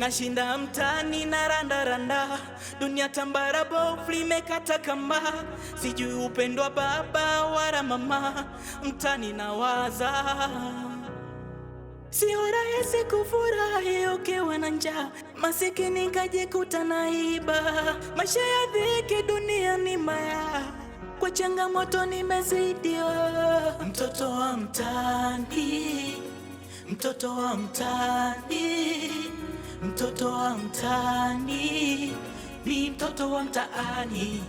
Nashinda mtani na randaranda, dunia tambara bovu limekata kamba, sijui upendwa baba wala mama, mtaani nawaza Sio rahisi kufurahi ukiwa na njaa, masikini kajikuta iba. Maisha ya dhiki dunia ni maya, kwa changamoto nimezidiwa. Mtoto wa mtaani, mtoto wa mtaani mtoto wa mtaani, ni mtoto wa mtaani.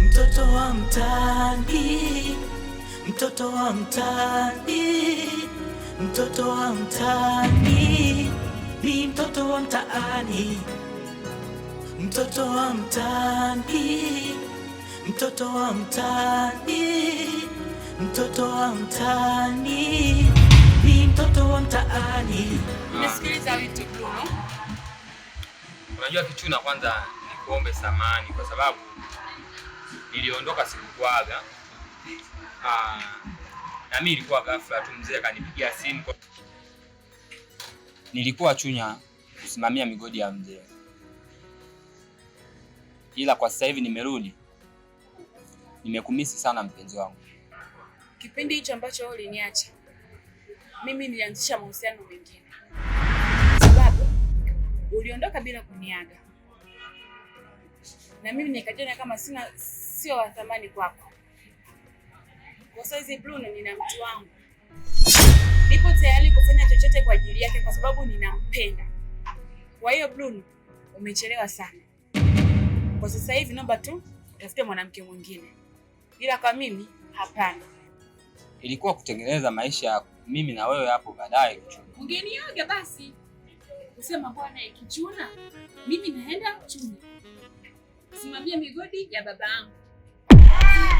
Mtoto wa mtaani, mtoto wa mtaani mtoto wa mtaani, ni mtoto wa mtaani, mtoto wa mtaani, mtoto wa mtaani, mtoto wa mtaani, ni mtoto wa mtaani. Nasikiliza vitu Bruno. Unajua Kichuna, kwanza nikuombe samani kwa sababu niliondoka sikukuaga. Ah, na mimi ilikuwa ghafla tu, mzee akanipigia simu. Nilikuwa Chunya kusimamia migodi ya mzee, ila kwa sasa hivi nimerudi. Nimekumisi sana mpenzi wangu. Kipindi hicho ambacho wewe uliniacha mimi nilianzisha mahusiano mengine, sababu uliondoka bila kuniaga na mimi nikajiona kama sina sio wa thamani kwako. Kwa size blue na nina mtu wangu, nipo tayari kufanya chochote kwa ajili yake kwa sababu ninampenda. Kwa hiyo Bruno, umechelewa sana. Kwa sasa hivi naomba tu utafute mwanamke mwingine, ila kwa mimi hapana. Ilikuwa kutengeneza maisha ya mimi na wewe hapo baadaye. yoga basi, usema bwana ikichuna, mimi naenda chuna, simamia migodi ya baba yangu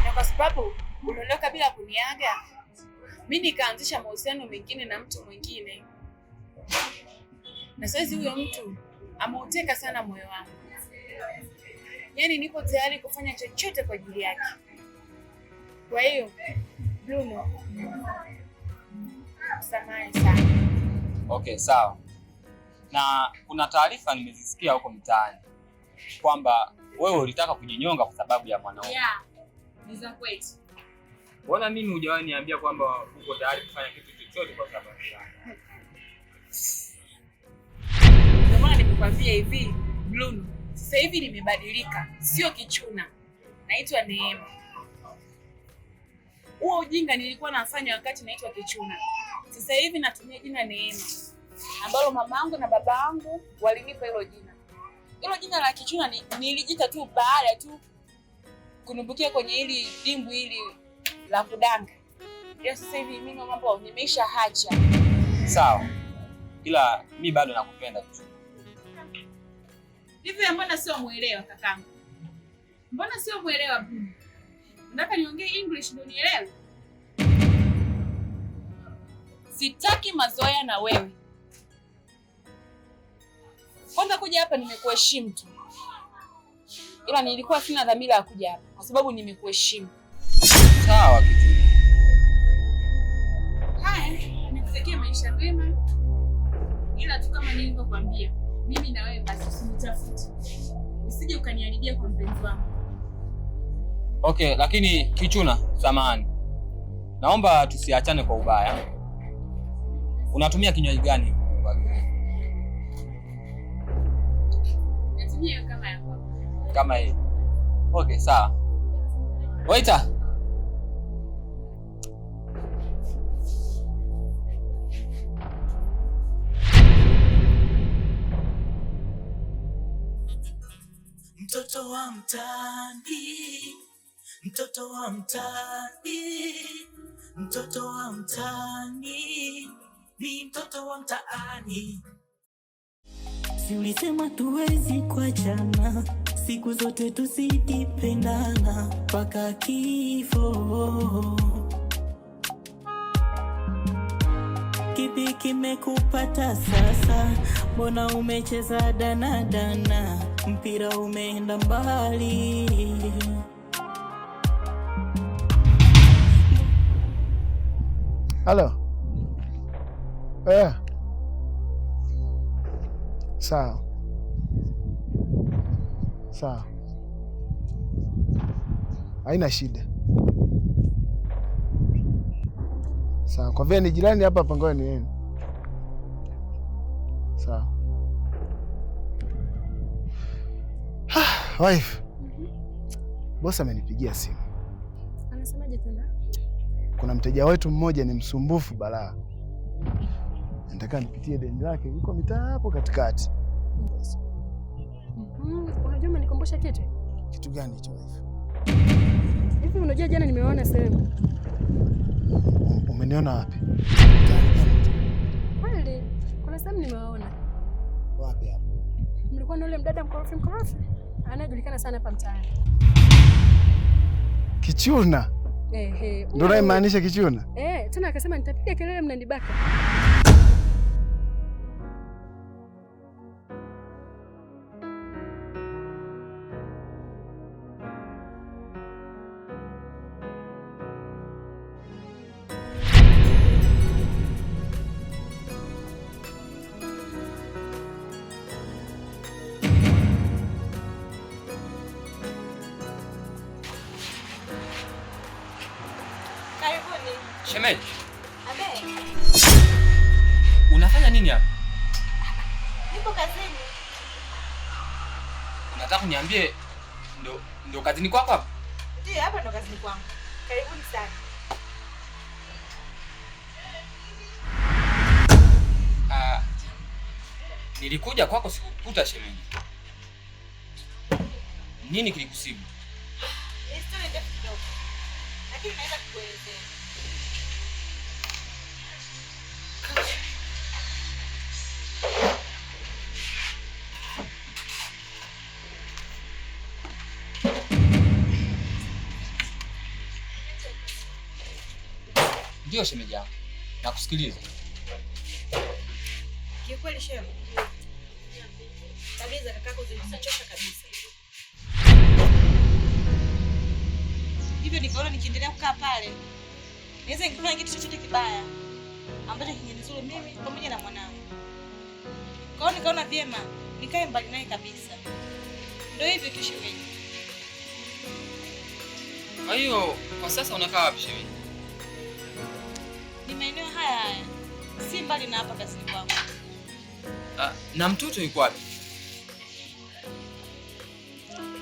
na kwa sababu unaondoka bila kuniaga, mi nikaanzisha mahusiano mengine na mtu mwingine, na saizi huyo mtu ameuteka sana moyo wangu. Yaani niko tayari kufanya chochote kwa ajili yake. Kwa hiyo Bruno, samahani sana. Okay, sawa. Na kuna taarifa nimezisikia huko mtaani kwamba wewe ulitaka kujinyonga kwa sababu ya mwanaume. Yeah ni za kwetu. Mbona mimi hujawahi niambia kwamba uko tayari kufanya kitu chochote kwa sababu yangu? Ndio maana nikukwambia hivi Blue, sasa hivi nimebadilika, sio kichuna, naitwa Neema. Huo ujinga nilikuwa nafanya wakati naitwa kichuna, sasa hivi natumia jina Neema ambalo mamangu na babangu walinipa hilo jina. Hilo jina la kichuna nilijita tu baada tu kunumbukia kwenye hili dimbwi hili la kudanga. Ila sasa hivi mimi mambo nimeisha hacha. Sawa, ila mi bado nakupenda tu. Hivi mbona sio muelewa kakangu? Mbona sio muelewa Bruno? Nataka niongee English ndio nielewe. Sitaki mazoea na wewe. Kwanza kuja hapa nimekuheshimu tu ila nilikuwa sina dhamira ya kuja hapa kwa sababu nimekuheshimu. Sawa kitu. Haya, nikutakia maisha mema, ila tu kama nilivyokuambia, mimi na wewe basi usinitafute, usije ukaniharibia kwa mpenzi wangu. Okay, lakini Kichuna, samahani, naomba tusiachane kwa ubaya. Unatumia kinywaji gani? Natumia kama kama hii. Okay, sawa. Waita. Mtoto wa mtaani, mtoto wa mtaani, mtoto wa mtaani, ni mtoto wa mtaani. Si ulisema tuwezi kuachana siku zote tusitipendana mpaka kifo. Kipi kimekupata sasa? Mbona umecheza danadana, mpira umeenda mbali. Halo eh, sawa Sawa, haina shida. Sawa, kwa vile ni jirani hapa hapa, ngoja niende. Sawa wife. mm -hmm. Bosi amenipigia simu, anasemaje tena? Kuna mteja wetu mmoja ni msumbufu balaa, nataka nipitie deni lake, yuko mitaa hapo katikati. mm -hmm kunikumbusha kitu. Kitu gani hicho wife? Hivi unajua jana nimeona sehemu. Umeniona wapi? Kweli kuna sehemu nimeona. Wapi hapo? Mlikuwa na yule mdada mkorofi mkorofi anayejulikana sana hapa mtaani. Kichuna. Ndio naimaanisha kichuna? Eh, tena akasema nitapiga kelele mnanibaka. kazini. Unataka kuniambie ndo ndo kazini kwako hapa? Ndio, hapa ndo kazini kwangu. Karibuni sana. Ah, nilikuja kwako sikukuta shemeji. Nini kilikusibu? ndefu Lakini naweza kukuelezea. Ndio shemeji yangu, nakusikiliza. Kiukweli shemu, tabia za kakako zimechosha kabisa, hivyo nikaona nikiendelea kukaa pale niweze nikifanya kitu chochote kibaya ambacho kingenizuru mimi pamoja na mwanangu. Kwa hiyo nikaona vyema nikae mbali naye kabisa. Ndio hivyo tu shemeji. Kwa hiyo kwa sasa unakaa wapi shemeji? ni maeneo haya haya, si mbali na hapa kazini kwangu. Uh, na mtoto yuko wapi?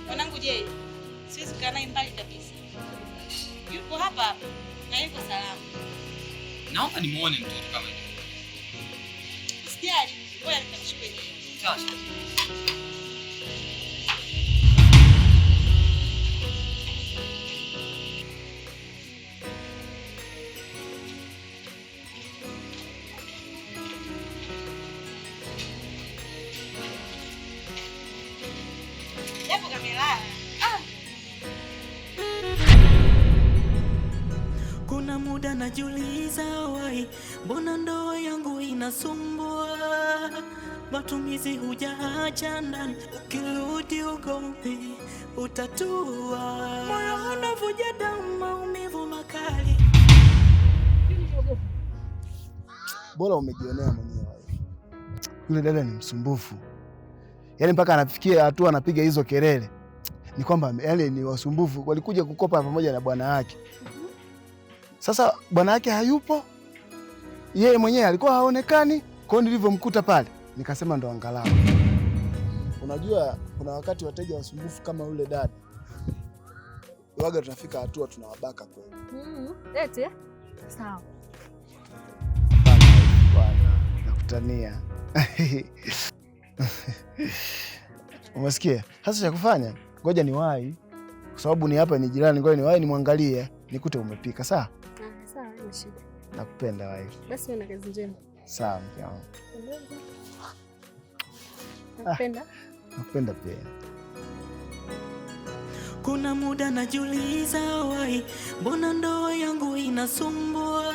Mwanangu je, siwezi kukaa naye mbali kabisa, yuko hapa na yuko salama. Naomba nimuone mtoto kama. Usijali, wewe nitakushukuru. Sawa. muda najiuliza, wai, mbona ndoa yangu inasumbua? Matumizi hujaacha ndani, ukirudi ugomvi utatua, moyo unavuja damu, maumivu makali. Bora umejionea mwenyewe. Yule dada ni msumbufu, yaani mpaka anafikia hatua anapiga hizo kelele. Ni kwamba yaani ni wasumbufu, walikuja kukopa pamoja na bwana wake sasa bwana yake hayupo, yeye mwenyewe alikuwa haonekani. Kwa hiyo nilivyomkuta pale nikasema ndo angalau. Unajua, kuna wakati wateja wasumbufu kama yule dada waga, tunafika hatua tunawabaka kweli. mm -hmm. Sawa nakutania umesikia? hasa cha kufanya, ngoja niwahi, kwa sababu ni hapa ni jirani. Ngoja niwahi nimwangalie, nikute umepika. Sawa shida. Nakupenda wife. Basi una kazi njema. Sawa mke wangu. Ah, nakupenda. Nakupenda pia. Kuna muda najiuliza wai, mbona ndoa yangu inasumbua?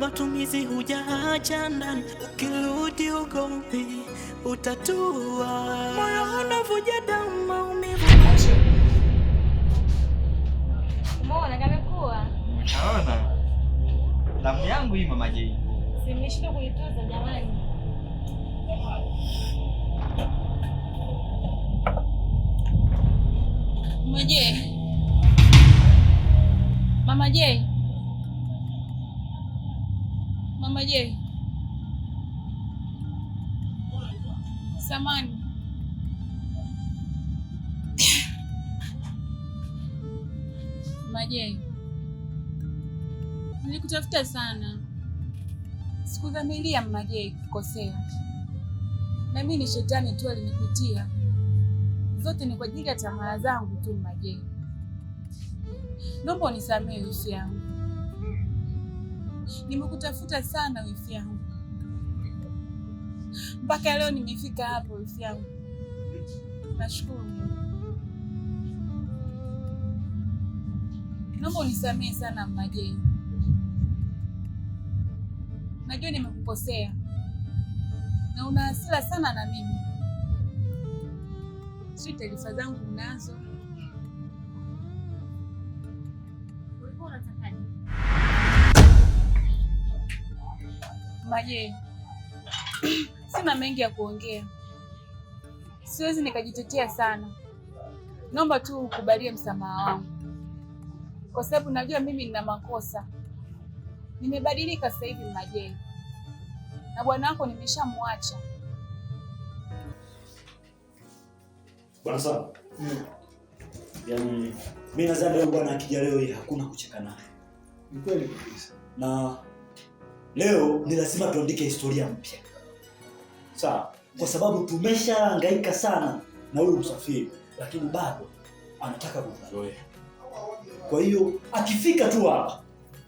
Matumizi hujaacha ndani, ukirudi ugomvi utatua. Moyo unavuja damu, maumivu. Umeona Umeona? Damu yangu hii mama Jane. Simeshika kuitoza jamani. Mama Jane. Mama Jane. Mama Jane. Samani. Mama Jane. Nilikutafuta sana, sikudhamiria Mama J kukosea, na mimi ni shetani tu alinipitia. Zote ni kwa ajili ya tamaa zangu tu. Mama J, naomba unisamehe wifi yangu, nimekutafuta sana wifi yangu, mpaka leo nimefika hapo wifi yangu. Nashukuru, naomba unisamehe sana Mama najua nimekukosea na una hasira sana na mimi, si taarifa zangu unazo. Maje, sina mengi ya kuongea, siwezi nikajitetea sana. Naomba tu ukubalie msamaha wangu, kwa sababu najua mimi nina makosa Nimebadilika sasa hivi Majeni, na bwana wako nimeshamwacha bwana. Sawa. Mm. Yaani mimi nadhani leo bwana akija leo hii hakuna kucheka naye. Ni kweli kabisa. Na leo ni lazima tuandike historia mpya, sawa? Kwa sababu tumeshahangaika sana na huyu msafiri, lakini bado anataka kuzoea. Kwa hiyo akifika tu hapa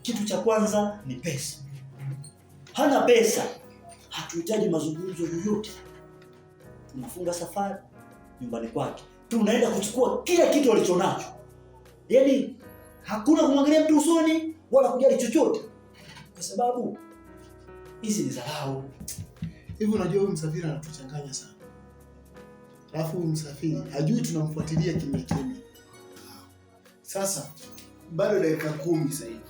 kitu cha kwanza ni pesa. Hana pesa, hatuhitaji mazungumzo yoyote. Tunafunga safari nyumbani kwake, tunaenda kuchukua kila kitu alichonacho, yaani hakuna kumwangalia mtu usoni wala kujali chochote, kwa sababu hizi ni dharau. Hivi unajua, huyu msafiri anatuchanganya sana, alafu huyu msafiri hajui tunamfuatilia kimya kimya. Sasa bado dakika kumi hivi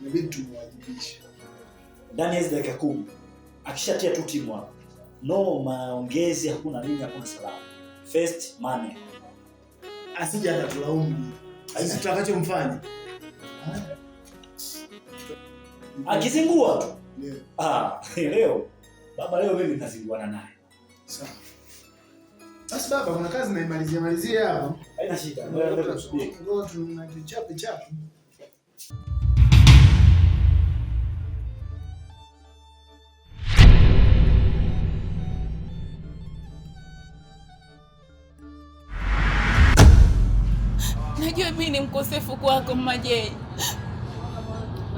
inabidi tumwajibishe ndani ya dakika kumi. Akishatia tu timu hapo, no maongezi, hakuna nini, hakuna salamu, first money, asije akatulaumu sisi tutakachomfanya ah. akizingua tu ah, leo. leo baba, leo mimi nitazinguana naye Basi baba, kuna kazi naimalizia malizia hapo, haina shida, ngoja Najua mimi ni mkosefu kwako majei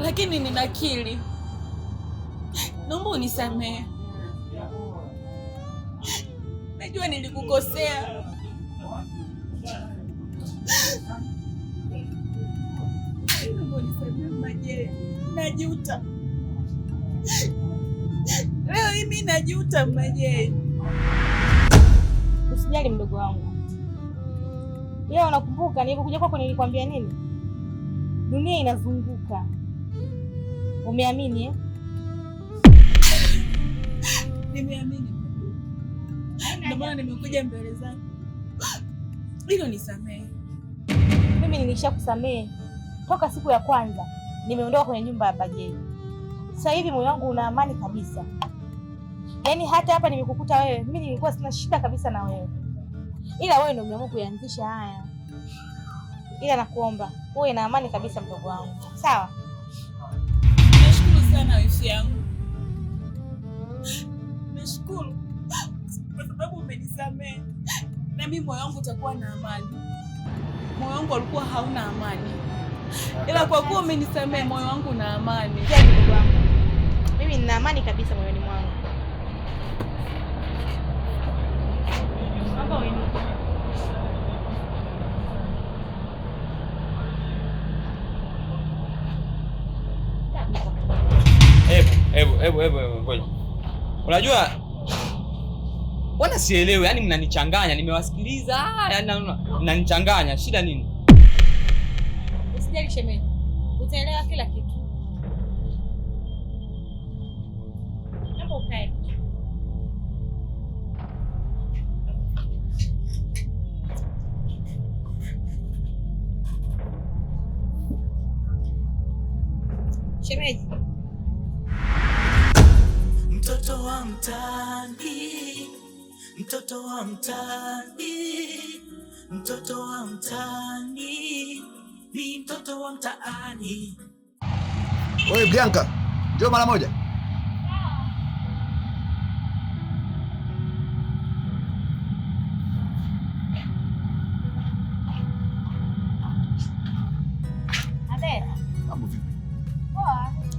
lakini nina akili. Naomba unisamehe. Najua nilikukosea. Najuta. Leo hii najuta Mama Jay. Usijali mdogo wangu ila unakumbuka nilipokuja kwako nilikwambia nini? Dunia inazunguka. Umeamini eh? Nimeamini. Ndio maana nimekuja mbele zako. Hilo nisamehe. Mimi nilishakusamehe toka siku ya kwanza nimeondoka kwenye nyumba ya Bajei. Sasa hivi moyo wangu una amani kabisa. Yaani hata hapa nimekukuta wewe, mimi nilikuwa sina shida kabisa na wewe ila wewe ndio umeamua kuyaanzisha haya, ila nakuomba uwe na amani kabisa, mdogo wangu, sawa? Nashukuru sana wifi yangu, nashukuru kwa sababu umenisamehe, na mimi moyo wangu utakuwa na amani. Moyo wangu alikuwa hauna amani, ila kwa kuwa umenisamehe, moyo wangu una amani. Mimi nina amani kabisa moyoni hebu hebu hebu hebu, ngoja. Unajua wana sielewe, yani mnanichanganya, nimewasikiliza yani mnanichanganya, shida nini? Usijali shemeji, utaelewa kila kitu. mtoto wa mtaani, mtoto wa mtaani ni mtoto wa mtaani. Oye Bianca, njoo mara moja.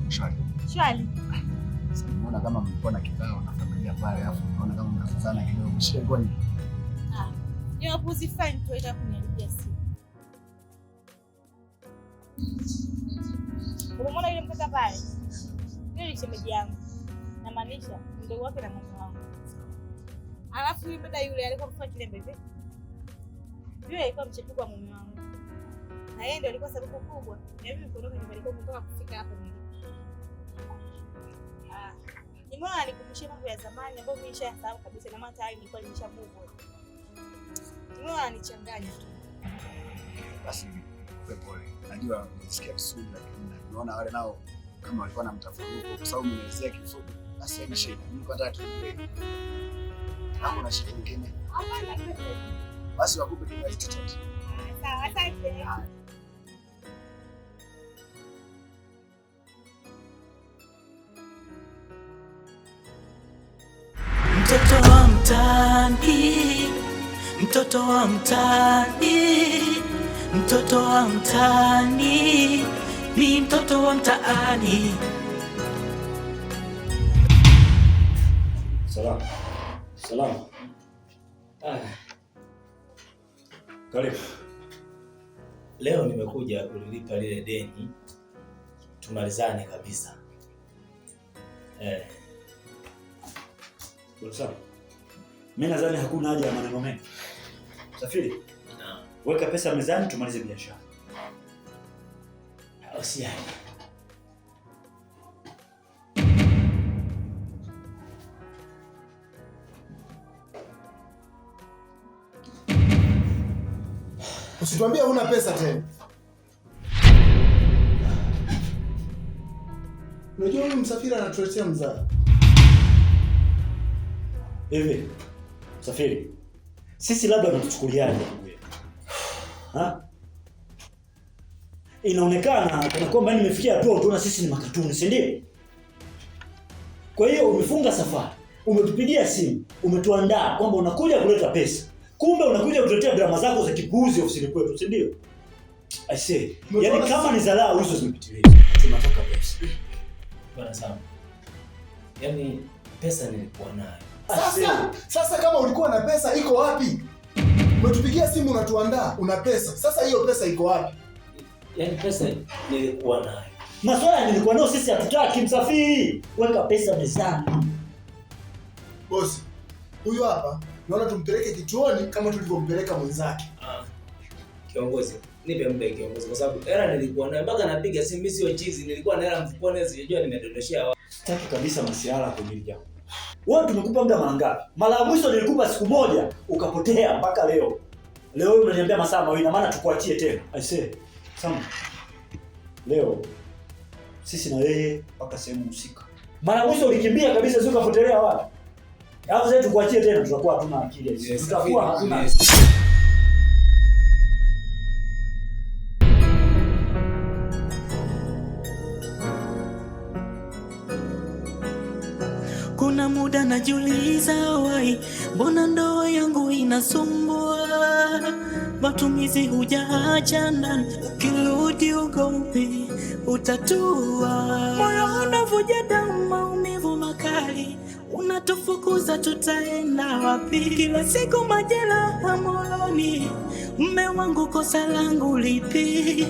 Shwari. Shwari. Sasa mbona kama mlikuwa na kikao na pale, afu naona kama mnafuzana kidogo. Shida kwa nini? Ah, ni wapuzi fine tu ita kuniharibia simu. Unamwona yule mtoto pale? Yule ni shemeji yangu. Na maanisha mdogo wake na mama wangu. Alafu yule mtoto yule alikuwa mfanya kile mbele. Yule alikuwa mchepuko wa mume wangu. Na yeye ndio alikuwa sababu kubwa. Na mimi kuondoka nyumbani kwangu kutoka kufika hapa nilipo. Ah. Nimeona ananikumbusha mambo ya zamani ambayo mimi nishasahau kabisa, na maana tayari nilikuwa nimesha Nimeona ananichanganya tu. Basi pole. Najua nisikia vizuri, lakini naona wale nao kama walikuwa na mtafaruko, kwa sababu nimeelezea kifupi. Basi ni shida. Mimi kwa tatu tuendelee. Hapo shida nyingine. Hapana. Basi wakupe kiasi chochote. Sawa, asante. Mtoto wa mtaani, mtoto wa mtaani, mtoto wa mtaani ni mtoto wa mtaani. Salamu. Salamu. Ah. Karibu. Leo nimekuja kulilipa lile deni tumalizane kabisa eh. Mimi nadhani hakuna haja ya maneno mengi. Safiri. Naam. Weka pesa mezani tumalize biashara. Usiaje. Usituambie huna pesa tena. Unajua huyu msafiri anatuletea mzaa. Hivi safiri, sisi labda tunatuchukuliaje? Ha? Inaonekana kana kwamba nimefikia hatua tuona sisi ni makatuni, si ndio? Kwa hiyo umefunga safari, umetupigia simu, umetuandaa kwamba unakuja kuleta pesa, kumbe unakuja kutuletea drama zako za kipuuzi ofisini kwetu, si ndio? I say, yani kama ni dharau hizo zimepitiliza, tunataka pesa bwana sana. Yaani pesa nilikuwa nayo sasa, sasa kama ulikuwa na pesa iko wapi? Umetupigia simu unatuandaa, una pesa. Sasa hiyo pesa iko wapi? Yaani pesa nilikuwa nayo. Maswala nilikuwa nayo sisi hatutaki msafiri. Weka pesa mezani. Bosi, huyu hapa naona tumpeleke kituoni kama tulivyompeleka mwenzake. Ah, kiongozi, nipe muda kiongozi, kwa sababu era nilikuwa nayo mpaka napiga simu, mimi sio chizi, nilikuwa na era mfukoni, sijajua nimedondoshia wapi. Sitaki kabisa masiara kunilia. Wewe tumekupa muda mara ngapi? Mara ya mwisho nilikupa siku moja ukapotea mpaka leo. Leo wewe unaniambia masaa mawili na maana tukuachie tena. I say, Sam. Leo sisi na yeye mpaka sehemu husika. Mara mwisho ulikimbia kabisa sio kapotelea wapi? Alafu sasa tukuachie tena tutakuwa hatuna akili. Tutakuwa hatuna. muda najiuliza, wai mbona ndoa yangu inasumbua? Matumizi hujaacha ndani, ukirudi ugomvi utatua. Moyo unavuja damu, maumivu makali, unatufukuza tutaenda wapi? Kila siku majeraha moyoni, mme wangu, kosa langu lipi?